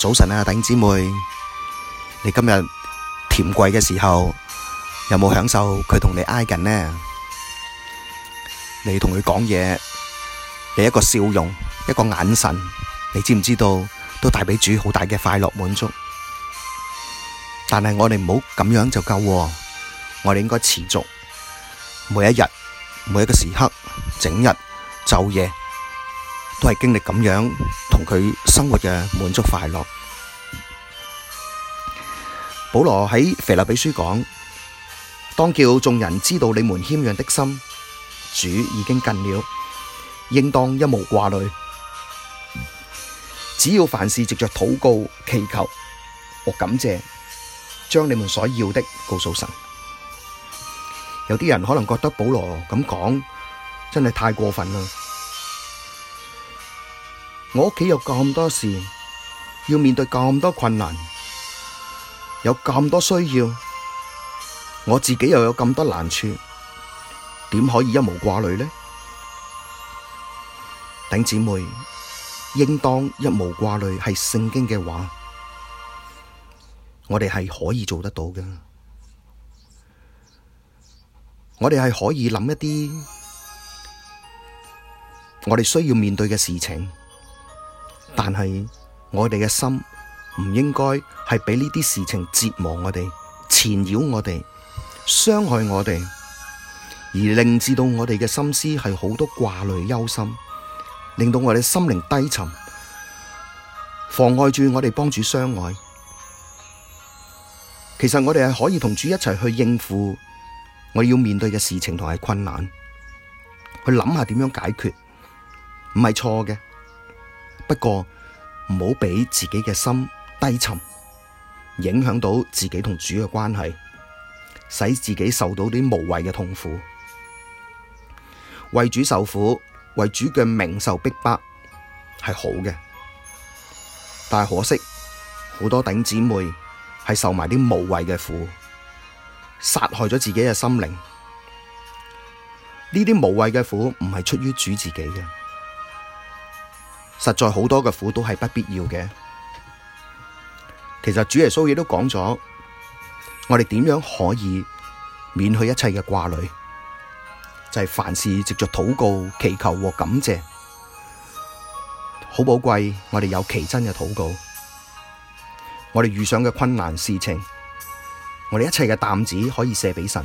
早晨啊，弟兄姊妹，你今日甜跪嘅時候有冇享受佢同你挨近呢？你同佢講嘢，你一個笑容，一個眼神，你知唔知道都帶畀主好大嘅快樂滿足。但係我哋唔好咁樣就夠，我哋應該持續每一日、每一個時刻、整日、晝夜。都係經歷咁樣同佢生活嘅滿足快樂。保羅喺腓立比書講：當叫眾人知道你們謙讓的心，主已經近了，應當一無掛慮，只要凡事藉着禱告、祈求和感謝，將你們所要的告訴神。有啲人可能覺得保羅咁講真係太過分啦。我屋企有咁多事，要面對咁多困難，有咁多需要，我自己又有咁多難處，點可以一無掛慮呢？頂姊妹，應當一無掛慮係聖經嘅話，我哋係可以做得到嘅。我哋係可以諗一啲我哋需要面對嘅事情。但係我哋嘅心唔應該係俾呢啲事情折磨我哋、纏繞我哋、傷害我哋，而令至到我哋嘅心思係好多掛慮、憂心，令到我哋心靈低沉，妨礙住我哋幫主相愛。其實我哋係可以同主一齊去應付我要面對嘅事情同埋困難，去諗下點樣解決，唔係錯嘅。不過唔好俾自己嘅心低沉，影響到自己同主嘅關係，使自己受到啲無謂嘅痛苦。為主受苦，為主嘅名受逼迫，係好嘅。但係可惜，好多頂姊妹係受埋啲無謂嘅苦，殺害咗自己嘅心靈。呢啲無謂嘅苦唔係出於主自己嘅。實在好多嘅苦都係不必要嘅。其實主耶穌亦都講咗，我哋點樣可以免去一切嘅掛慮，就係凡事藉着禱告、祈求和感謝，好寶貴。我哋有奇珍嘅禱告，我哋遇上嘅困難事情，我哋一切嘅擔子可以卸畀神，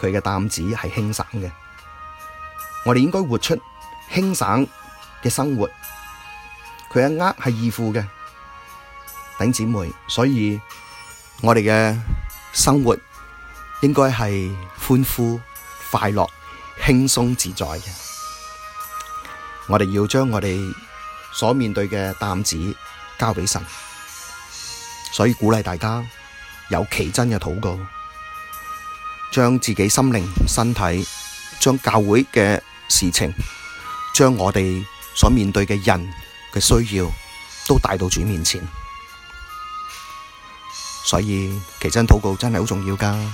佢嘅擔子係輕省嘅。我哋應該活出輕省嘅生活，佢嘅厄係義父嘅頂姊妹，所以我哋嘅生活應該係歡呼、快樂、輕鬆自在嘅。我哋要將我哋所面對嘅擔子交俾神，所以鼓勵大家有奇珍嘅禱告，將自己心靈、身體，將教會嘅事情，將我哋。所面對嘅人嘅需要都帶到主面前，所以奇珍禱告真係好重要㗎。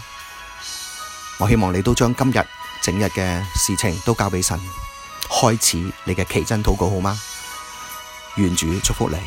我希望你都將今日整日嘅事情都交畀神，開始你嘅奇珍禱告好嗎？願主祝福你。